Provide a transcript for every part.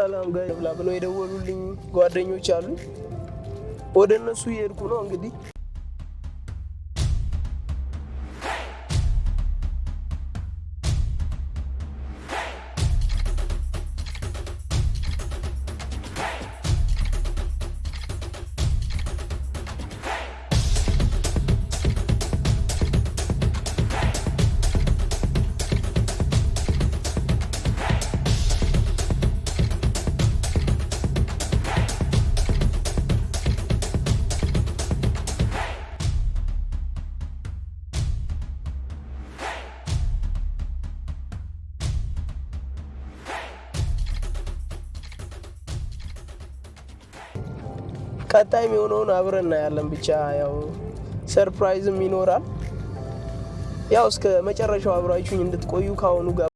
ሰላም ጋር ብላ ብለው የደወሉልኝ ጓደኞች አሉ። ወደ እነሱ እየሄድኩ ነው እንግዲህ ቀጣይ የሚሆነውን አብረን እናያለን። ብቻ ያው ሰርፕራይዝም ይኖራል። ያው እስከ መጨረሻው አብራችሁኝ እንድትቆዩ ከአሁኑ ጋር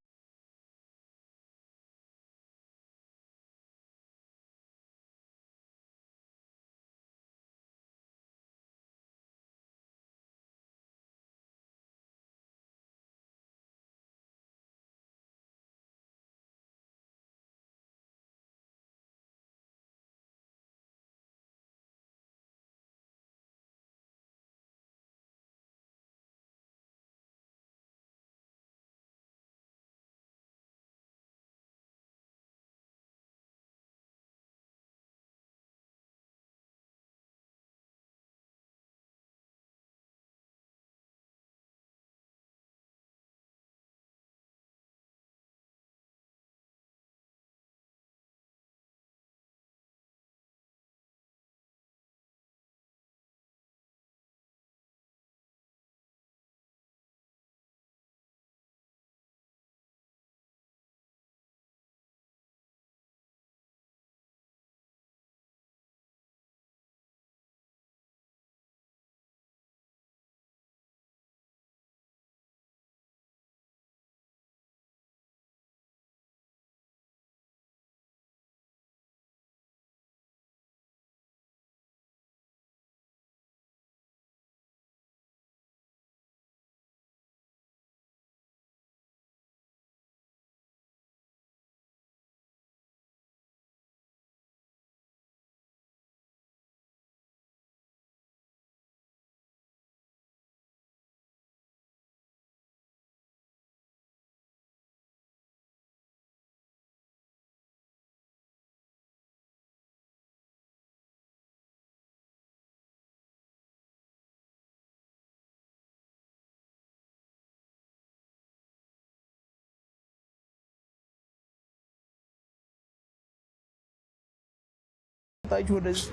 መጣች ወደዚህ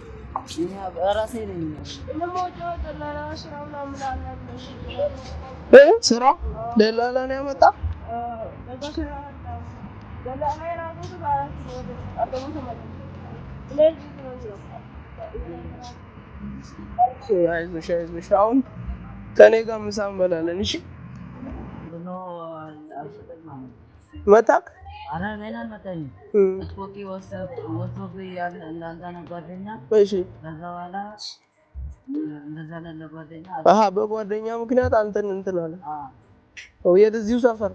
ስራ ደላላ ነው ያመጣ አይዞሽ አይዞሽ። አሁን ከኔ ጋር ምሳ እንበላለን። እሺ መጣክ በጓደኛ ምክንያት አንተን እንትን የት? እዚሁ ሰፈር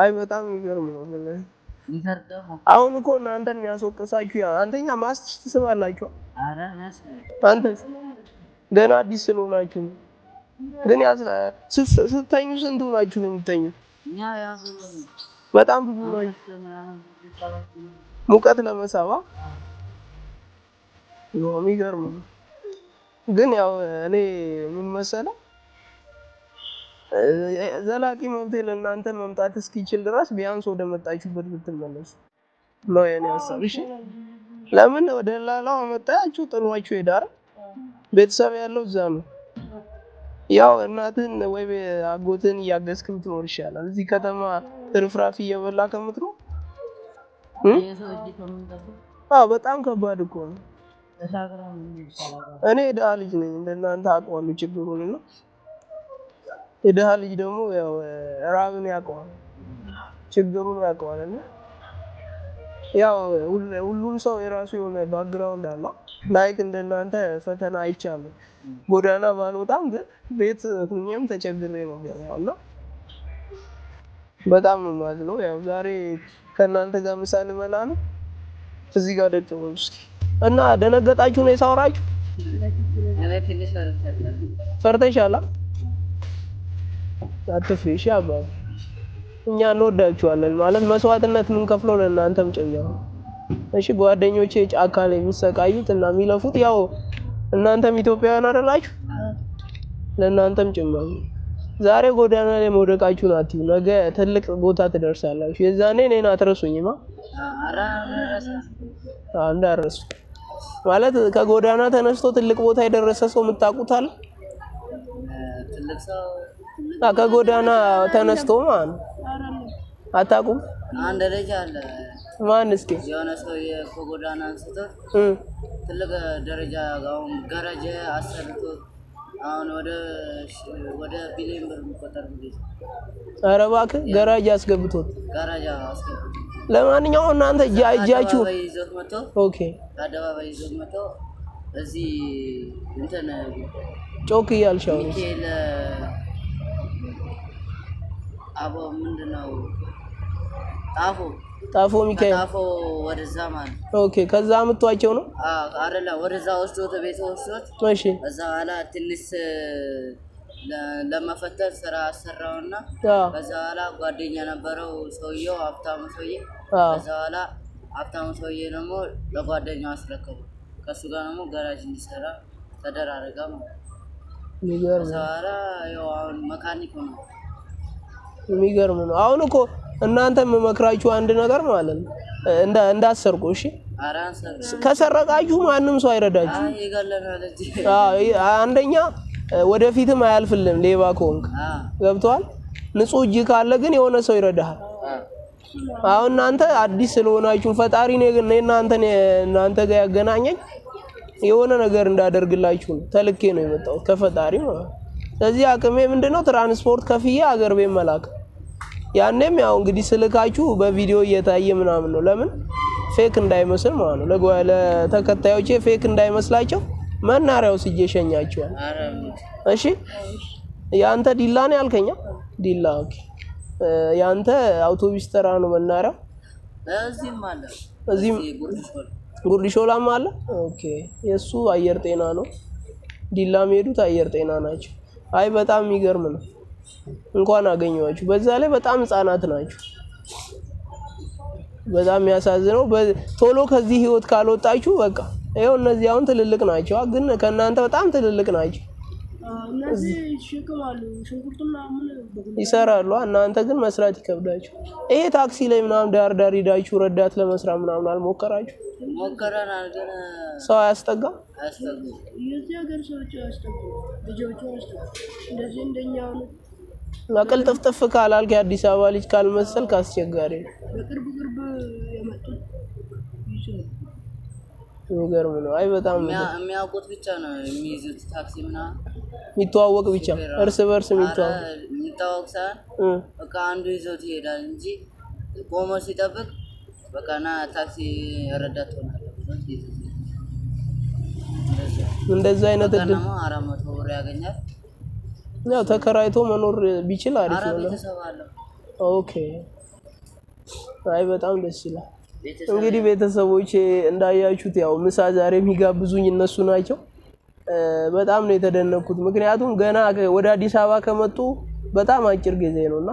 አይ በጣም የሚገርም ነው። አሁን እኮ እናንተን የሚያስወቅሳችሁ አንተኛ ገና አዲስ ስለሆናችሁ ነው። ግን ስተኙ ስንት ሆናችሁ ነው የሚተኙት? በጣም ብዙ ነው። ሙቀት ለመሳባ የሚገርም ነው። ግን ያው እኔ ምን መሰለህ ዘላቂ መብቴ ለእናንተ መምጣት እስኪችል ድረስ ቢያንስ ወደ መጣችሁበት ብትመለሱ ነው የኔ ሀሳብ። እሺ ለምን ወደ ላላው መጣያችሁ ጥሏችሁ ሄዳል። ቤተሰብ ያለው እዛ ነው። ያው እናትን ወይ አጎትን እያገዝክ ብትኖር ይሻላል። እዚህ ከተማ ትርፍራፊ እየበላ ከምትኖር በጣም ከባድ እኮ ነው። እኔ የድሃ ልጅ ነኝ፣ እንደናንተ አውቀዋለሁ ችግሩን ነው። የድሃ ልጅ ደግሞ ያው ራብን ያውቀዋል፣ ችግሩን ያውቀዋል እና ያው ሁሉም ሰው የራሱ የሆነ ባክግራውንድ አለው። ላይክ እንደናንተ ፈተና ጎዳና ባልወጣም ግን ቤት ሁኜም ተቸግሬ ነው በጣም ነው ማለት ነው። ያው ዛሬ ከእናንተ ጋር ምሳ ነው እዚህ ጋር እስኪ እና ደነገጣችሁ ነው ፈርተሻላ አባባ እኛ እንወዳችኋለን ማለት መስዋዕትነት የምንከፍለው ለእናንተም ጭምር። እሺ ጓደኞቼ ጫካ ላይ የሚሰቃዩት እና የሚለፉት ያው እናንተም ኢትዮጵያውያን አደላችሁ? ለእናንተም ጭምር። ዛሬ ጎዳና ላይ መውደቃችሁ ናት፣ ነገ ትልቅ ቦታ ትደርሳላችሁ። የዛኔ እኔን አትረሱኝማ እንዳረሱ ማለት ከጎዳና ተነስቶ ትልቅ ቦታ የደረሰ ሰው የምታውቁታል ከጎዳና ተነስቶ ማለት ነው። አታውቁም? አንድ ደረጃ አለ። ማን? እስኪ የሆነ ሰው ከጎዳና አንስቶ ትልቅ ደረጃ አሁን ገረጀ አሰርቶ አሁን ወደ ወደ ቢሊዮን ብር የሚቆጠር ልጅ። ኧረ እባክህ ገራጅ አስገብቶት ገራጅ አስገብቶት። ለማንኛውም እናንተ እጃችሁ ይዞት ኦኬ፣ አደባባይ ይዞት መጥቶ እዚህ እንትን ጮክ እያልሽ አሁን ሚካኤል አቦ ምንድን ነው ጣፎ ሚካኤል ጣፎ ወደዛ ማለት ኦኬ። ከዛ አምጥቷቸው ነው አይደለ? ወደዛ ወስዶት ቤት ወስዶት፣ እሺ። ከዛ በኋላ ትንሽ ለመፈተን ስራ አሰራውና ከዛ በኋላ ጓደኛ ነበረው ሰውየው፣ ሀብታሙ ሰውዬ። ከዛ በኋላ ሀብታሙ ሰውዬ ደግሞ ለጓደኛው አስረከቡ። ከሱ ጋር ደግሞ ገራጅ እንዲሰራ ተደራረጋ ማለት ከዛ በኋላ ያው አሁን መካኒክ ነው የሚገርም ነው። አሁን እኮ እናንተ የምመክራችሁ አንድ ነገር ማለት ነው እንዳሰርቁ። እሺ ከሰረቃችሁ ማንም ሰው አይረዳችሁ። አንደኛ ወደፊትም አያልፍልም ሌባ ከሆንክ ገብቷል። ንጹህ እጅ ካለ ግን የሆነ ሰው ይረዳሃል። አሁን እናንተ አዲስ ስለሆናችሁ ፈጣሪ እናንተ ጋር ያገናኘኝ የሆነ ነገር እንዳደርግላችሁ ነው። ተልኬ ነው የመጣሁት ከፈጣሪ ማለት ነው። ስለዚህ አቅሜ ምንድነው ትራንስፖርት ከፍዬ አገር ቤት መላክ። ያኔም ያው እንግዲህ ስልካችሁ በቪዲዮ እየታየ ምናምን ነው። ለምን ፌክ እንዳይመስል ማለት ነው። ለተከታዮቼ ፌክ እንዳይመስላቸው መናሪያው ስጄ ሸኛቸዋል። እሺ ያንተ ዲላ ነው ያልከኛ? ዲላ ኦኬ። ያንተ አውቶቡስ ተራ ነው መናሪያው። እዚህም ጉርድ አለ። ኦኬ የእሱ አየር ጤና ነው። ዲላ የሚሄዱት አየር ጤና ናቸው። አይ በጣም የሚገርም ነው። እንኳን አገኘዋችሁ። በዛ ላይ በጣም ህጻናት ናችሁ። በጣም የሚያሳዝነው ቶሎ ከዚህ ህይወት ካልወጣችሁ በቃ ይኸው እነዚህ አሁን ትልልቅ ናቸው፣ ግን ከእናንተ በጣም ትልልቅ ናቸው። ይሰራሉ፣ እናንተ ግን መስራት ይከብዳችሁ። ይሄ ታክሲ ላይ ምናምን ዳር ዳር ሂዳችሁ ረዳት ለመስራት ምናምን አልሞከራችሁ? ሰው አያስጠጋም። ጥፍጥፍ ካላልክ የአዲስ አበባ ልጅ ካልመሰልክ አስቸጋሪ ነው። የሚገርም ነው። አይ በጣም የሚያውቁት ብቻ ነው የሚይዙት ታክሲ ምናምን የሚተዋወቅ ብቻ እርስ የሚተዋወቅ ሳይሆን በቃ አንዱ ይዞት ይሄዳል እንጂ ቆሞ ሲጠብቅ በቃና ታክሲ ረዳት ሆናለሁ። እንደዛ አይነት እድል አራት መቶ ብር ያገኛል። ያው ተከራይቶ መኖር ቢችል አሪፍ ነው። ኦኬ አይ በጣም ደስ ይላል። እንግዲህ ቤተሰቦች እንዳያችሁት ያው ምሳ ዛሬ የሚጋብዙኝ እነሱ ናቸው። በጣም ነው የተደነኩት። ምክንያቱም ገና ወደ አዲስ አበባ ከመጡ በጣም አጭር ጊዜ ነውና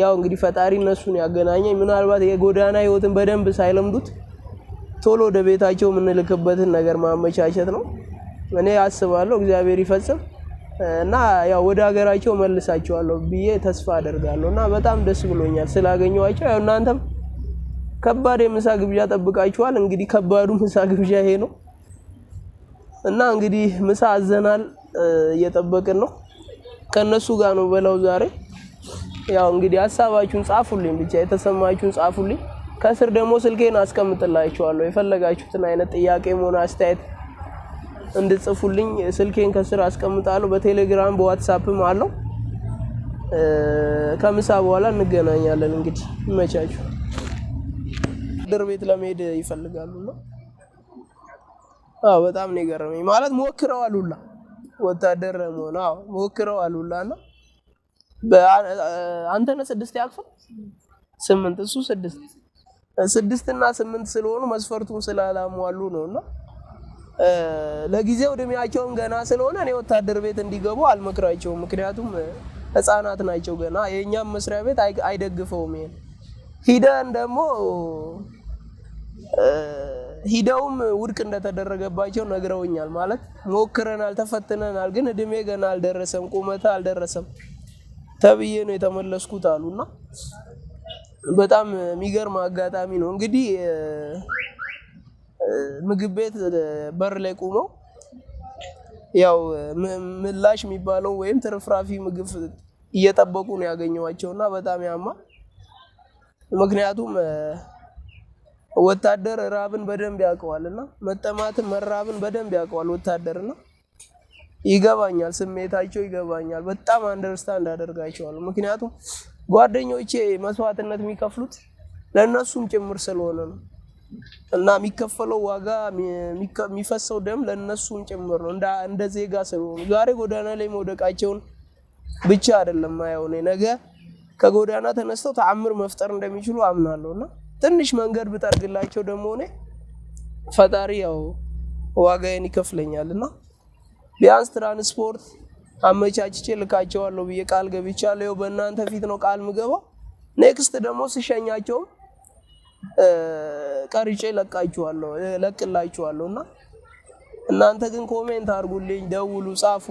ያው እንግዲህ ፈጣሪ እነሱን ያገናኘኝ። ምናልባት የጎዳና ህይወትን በደንብ ሳይለምዱት ቶሎ ወደ ቤታቸው የምንልክበትን ነገር ማመቻቸት ነው። እኔ አስባለሁ እግዚአብሔር ይፈጽም እና ያው ወደ ሀገራቸው መልሳቸዋለሁ ብዬ ተስፋ አደርጋለሁ እና በጣም ደስ ብሎኛል ስላገኘኋቸው። ያው እናንተም ከባድ የምሳ ግብዣ ጠብቃችኋል። እንግዲህ ከባዱ ምሳ ግብዣ ይሄ ነው እና እንግዲህ ምሳ አዘናል፣ እየጠበቅን ነው። ከእነሱ ጋር ነው በለው ዛሬ ያው እንግዲህ ሀሳባችሁን ጻፉልኝ፣ ብቻ የተሰማችሁን ጻፉልኝ። ከስር ደግሞ ስልኬን አስቀምጥላችኋለሁ። የፈለጋችሁትን አይነት ጥያቄ መሆን አስተያየት እንድጽፉልኝ ስልኬን ከስር አስቀምጣለሁ። በቴሌግራም በዋትሳፕም አለው። ከምሳ በኋላ እንገናኛለን። እንግዲህ ይመቻችሁ። ድር ቤት ለመሄድ ይፈልጋሉና አዎ፣ በጣም ነው የገረመኝ። ማለት ሞክረዋል ሁላ ወታደር መሆን አዎ፣ ሞክረዋል ሁላ እና አንተነህ ስድስት ያቅፈው ስምንት እሱ ስድስት ስድስት እና ስምንት ስለሆኑ መስፈርቱን ስላላሟሉ ነውና ለጊዜው እድሜያቸውም ገና ስለሆነ እኔ ወታደር ቤት እንዲገቡ አልመክራቸውም። ምክንያቱም ህፃናት ናቸው ገና። የእኛም መስሪያ ቤት አይደግፈውም። ይሄን ሂደን ደግሞ ሂደውም ውድቅ እንደተደረገባቸው ነግረውኛል። ማለት ሞክረናል፣ ተፈትነናል፣ ግን እድሜ ገና አልደረሰም፣ ቁመታ አልደረሰም ተብዬ ነው የተመለስኩት አሉና በጣም የሚገርም አጋጣሚ ነው። እንግዲህ ምግብ ቤት በር ላይ ቁመው ያው ምላሽ የሚባለው ወይም ትርፍራፊ ምግብ እየጠበቁ ነው ያገኘዋቸውና በጣም ያማ። ምክንያቱም ወታደር ራብን በደንብ ያውቀዋልና መጠማትን መራብን በደንብ ያውቀዋል ወታደርና ይገባኛል፣ ስሜታቸው ይገባኛል። በጣም አንደርስታንድ አደርጋቸዋለሁ። ምክንያቱም ጓደኞቼ መስዋዕትነት የሚከፍሉት ለእነሱም ጭምር ስለሆነ ነው እና የሚከፈለው ዋጋ የሚፈሰው ደም ለእነሱም ጭምር ነው እንደ ዜጋ ስለሆኑ ዛሬ ጎዳና ላይ መውደቃቸውን ብቻ አይደለም ማየው እኔ ነገ ከጎዳና ተነስተው ተአምር መፍጠር እንደሚችሉ አምናለሁ እና ትንሽ መንገድ ብጠርግላቸው ደግሞ እኔ ፈጣሪ ያው ዋጋዬን ይከፍለኛል እና ቢያንስ ትራንስፖርት አመቻችቼ ልካቸዋለሁ ብዬ ቃል ገብቻለሁ። ይኸው በእናንተ ፊት ነው ቃል ምገባው። ኔክስት ደግሞ ስሸኛቸውም ቀርጬ ለቃችኋለሁ ለቅላችኋለሁ እና እናንተ ግን ኮሜንት አድርጉልኝ፣ ደውሉ፣ ጻፉ።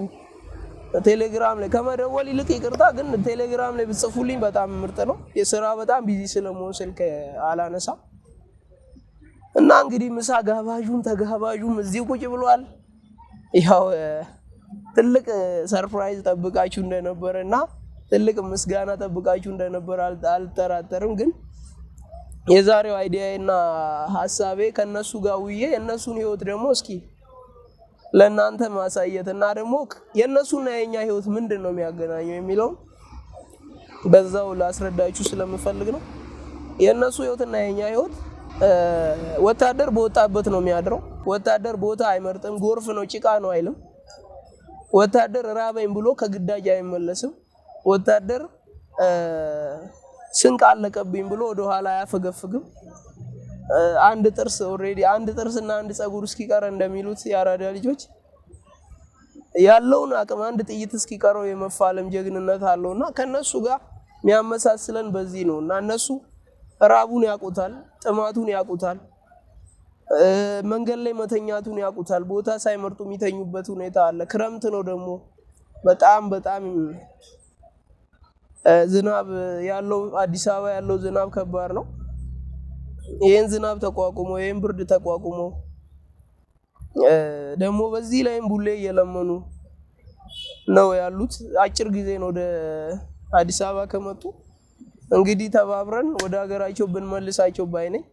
ቴሌግራም ላይ ከመደወል ይልቅ ይቅርታ ግን ቴሌግራም ላይ ብጽፉልኝ በጣም ምርጥ ነው። የስራ በጣም ቢዚ ስለመሆን ስልክ አላነሳም እና እንግዲህ ምሳ ጋባዡም ተጋባዡም እዚህ ቁጭ ብሏል። ያው ትልቅ ሰርፕራይዝ ጠብቃችሁ እንደነበረ እና ትልቅ ምስጋና ጠብቃችሁ እንደነበረ አልጠራጠርም። ግን የዛሬው አይዲያና ሀሳቤ ከእነሱ ጋር ውዬ የእነሱን ህይወት ደግሞ እስኪ ለእናንተ ማሳየት እና ደግሞ የእነሱና የኛ ህይወት ምንድን ነው የሚያገናኘው የሚለውም በዛው ላስረዳችሁ ስለምፈልግ ነው። የእነሱ ህይወትና የኛ ህይወት ወታደር በወጣበት ነው የሚያድረው ወታደር ቦታ አይመርጥም። ጎርፍ ነው ጭቃ ነው አይልም። ወታደር ራበኝ ብሎ ከግዳጅ አይመለስም። ወታደር ስንቅ አለቀብኝ ብሎ ወደ ኋላ አያፈገፍግም። አንድ ጥርስ ኦልሬዲ አንድ ጥርስና አንድ ጸጉር እስኪቀረ እንደሚሉት የአራዳ ልጆች ያለውን አቅም አንድ ጥይት እስኪቀረው የመፋለም ጀግንነት አለውና ከነሱ ጋር የሚያመሳስለን በዚህ ነው እና እነሱ ራቡን ያውቁታል፣ ጥማቱን ያውቁታል። መንገድ ላይ መተኛቱን ያውቁታል። ቦታ ሳይመርጡ የሚተኙበት ሁኔታ አለ። ክረምት ነው ደግሞ በጣም በጣም ዝናብ ያለው አዲስ አበባ ያለው ዝናብ ከባድ ነው። ይህን ዝናብ ተቋቁሞ ይህን ብርድ ተቋቁሞ ደግሞ በዚህ ላይም ቡሌ እየለመኑ ነው ያሉት። አጭር ጊዜ ነው ወደ አዲስ አበባ ከመጡ እንግዲህ ተባብረን ወደ ሀገራቸው ብንመልሳቸው ባይ ነኝ።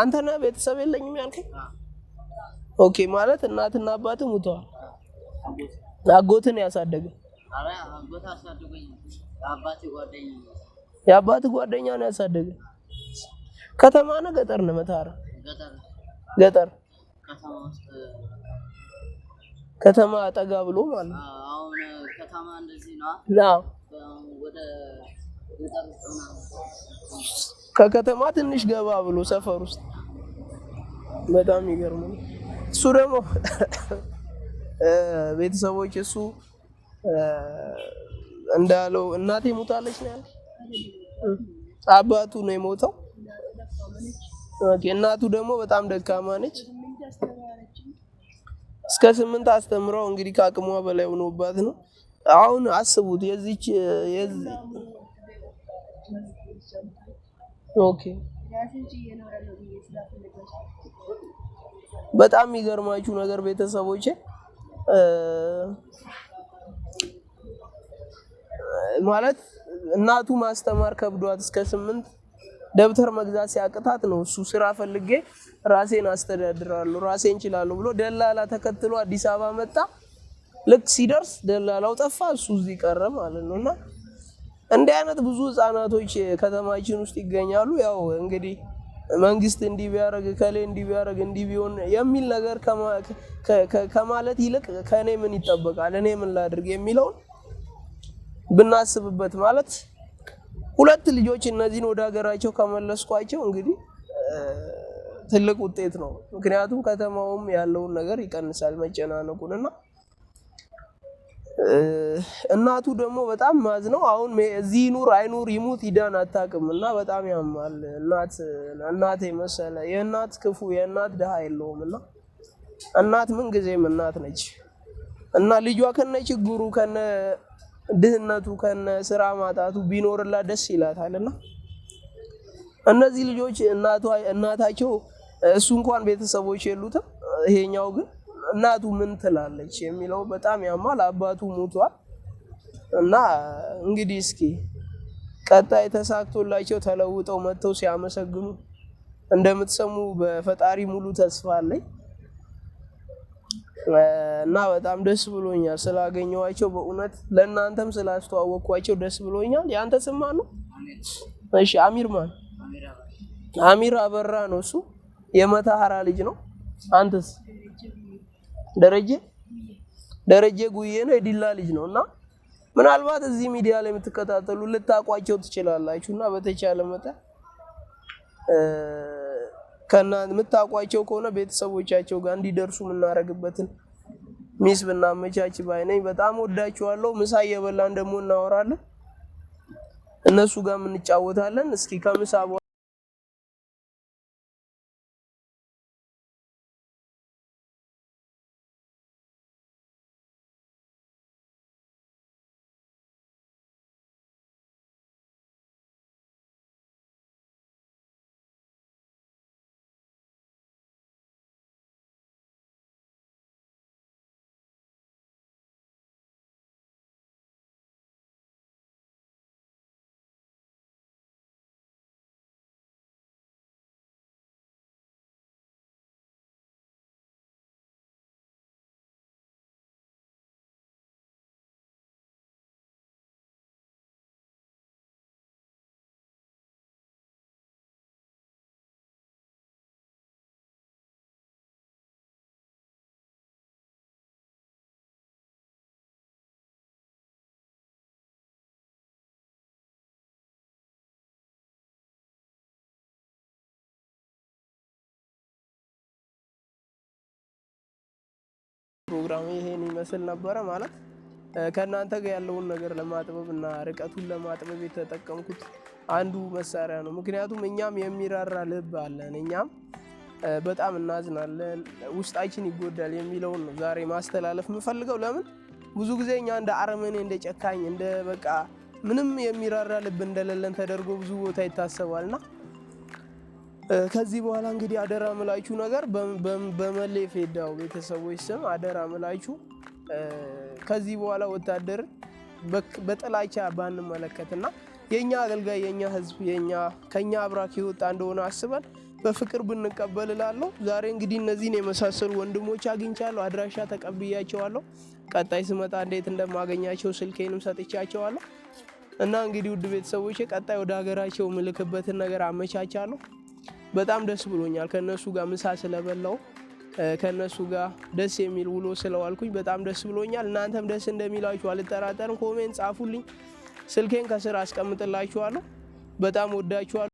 አንተ ነህ ቤተሰብ የለኝም ያልከኝ? ኦኬ ማለት እናትና አባት ሙተዋል። አጎትን ያሳደገ የአባት ጓደኛ ነው ያሳደገ። ከተማ ነህ ገጠር ነው? መታረ ገጠር ከተማ አጠጋ ብሎ ማለት ነው። ከተማ እንደዚህ ነው። ከከተማ ትንሽ ገባ ብሎ ሰፈር ውስጥ በጣም ይገርም ነው። እሱ ደግሞ ቤተሰቦች እሱ እንዳለው እናቴ ሞታለች ነው ያለ። አባቱ ነው የሞተው። እናቱ ደግሞ በጣም ደካማ ነች። እስከ ስምንት አስተምረው እንግዲህ ከአቅሟ በላይ ሆኖባት ነው። አሁን አስቡት የዚች ኦኬ በጣም የሚገርማችሁ ነገር ቤተሰቦች ማለት እናቱ ማስተማር ከብዷት እስከ ስምንት ደብተር መግዛት ሲያቅታት ነው እሱ ስራ ፈልጌ ራሴን አስተዳድራለሁ ራሴን እችላለሁ ብሎ ደላላ ተከትሎ አዲስ አበባ መጣ። ልክ ሲደርስ ደላላው ጠፋ፣ እሱ እዚህ ቀረ ማለት ነው እና እንዲህ አይነት ብዙ ህጻናቶች ከተማችን ውስጥ ይገኛሉ። ያው እንግዲህ መንግስት እንዲህ ቢያደርግ ከሌ እንዲህ ቢያደርግ እንዲህ ቢሆን የሚል ነገር ከማለት ይልቅ ከእኔ ምን ይጠበቃል፣ እኔ ምን ላድርግ የሚለውን ብናስብበት ማለት ሁለት ልጆች እነዚህን ወደ ሀገራቸው ከመለስኳቸው እንግዲህ ትልቅ ውጤት ነው። ምክንያቱም ከተማውም ያለውን ነገር ይቀንሳል መጨናነቁን እና እናቱ ደግሞ በጣም ማዝ ነው። አሁን እዚህ ይኑር አይኑር ይሙት ሂዳን አታውቅም። እና በጣም ያማል። እናት እናት የመሰለ የእናት ክፉ የእናት ድሃ የለውም። እና እናት ምን ጊዜም እናት ነች እና ልጇ ከነ ችግሩ ከነ ድህነቱ ከነ ስራ ማጣቱ ቢኖርላት ደስ ይላታል። እና እነዚህ ልጆች እናታቸው እሱ እንኳን ቤተሰቦች የሉትም። ይሄኛው ግን እናቱ ምን ትላለች የሚለው በጣም ያማል። አባቱ ሞቷል እና እንግዲህ እስኪ ቀጣይ ተሳክቶላቸው ተለውጠው መጥተው ሲያመሰግኑ እንደምትሰሙ በፈጣሪ ሙሉ ተስፋ አለኝ እና በጣም ደስ ብሎኛል ስላገኘኋቸው። በእውነት ለእናንተም ስላስተዋወቅኳቸው ደስ ብሎኛል። የአንተ ስማ ነው? እሺ አሚር ማን? አሚር አበራ ነው። እሱ የመተሐራ ልጅ ነው። አንተስ? ደረጀ ደረጀ ጉዬ ነው፣ የዲላ ልጅ ነው እና ምናልባት እዚህ ሚዲያ ላይ የምትከታተሉ ልታቋቸው ትችላላችሁ እና በተቻለ መጠን ከና የምታቋቸው ከሆነ ቤተሰቦቻቸው ጋር እንዲደርሱ የምናደርግበትን ሚስ ብናመቻች ባይነኝ። በጣም ወዳችኋለሁ። ምሳ እየበላን ደግሞ እናወራለን፣ እነሱ ጋር እንጫወታለን። እስኪ ከምሳ ፕሮግራሙ ይሄን ይመስል ነበረ ማለት ከእናንተ ጋር ያለውን ነገር ለማጥበብ እና ርቀቱን ለማጥበብ የተጠቀምኩት አንዱ መሳሪያ ነው። ምክንያቱም እኛም የሚራራ ልብ አለን፣ እኛም በጣም እናዝናለን፣ ውስጣችን ይጎዳል የሚለውን ነው ዛሬ ማስተላለፍ የምፈልገው። ለምን ብዙ ጊዜ እኛ እንደ አረመኔ፣ እንደ ጨካኝ፣ እንደ በቃ ምንም የሚራራ ልብ እንደሌለን ተደርጎ ብዙ ቦታ ይታሰባልና ከዚህ በኋላ እንግዲህ አደራ ምላችሁ ነገር በመሌ ፌዳው ቤተሰቦች ስም አደራ ምላችሁ ከዚህ በኋላ ወታደር በጥላቻ ባንመለከትና የእኛ አገልጋይ የእኛ ህዝብ የኛ ከኛ አብራክ የወጣ እንደሆነ አስበን በፍቅር ብንቀበል እላለሁ። ዛሬ እንግዲህ እነዚህን የመሳሰሉ ወንድሞች አግኝቻለሁ፣ አድራሻ ተቀብያቸዋለሁ። ቀጣይ ስመጣ እንዴት እንደማገኛቸው ስልኬንም ሰጥቻቸዋለሁ እና እንግዲህ ውድ ቤተሰቦች ቀጣይ ወደ ሀገራቸው ምልክበትን ነገር አመቻቻለሁ። በጣም ደስ ብሎኛል። ከነሱ ጋር ምሳ ስለበላው ከነሱ ጋር ደስ የሚል ውሎ ስለዋልኩኝ በጣም ደስ ብሎኛል። እናንተም ደስ እንደሚላችሁ አልጠራጠርም። ኮሜንት ጻፉልኝ፣ ስልኬን ከስር አስቀምጥላችኋለሁ። በጣም ወዳችኋል።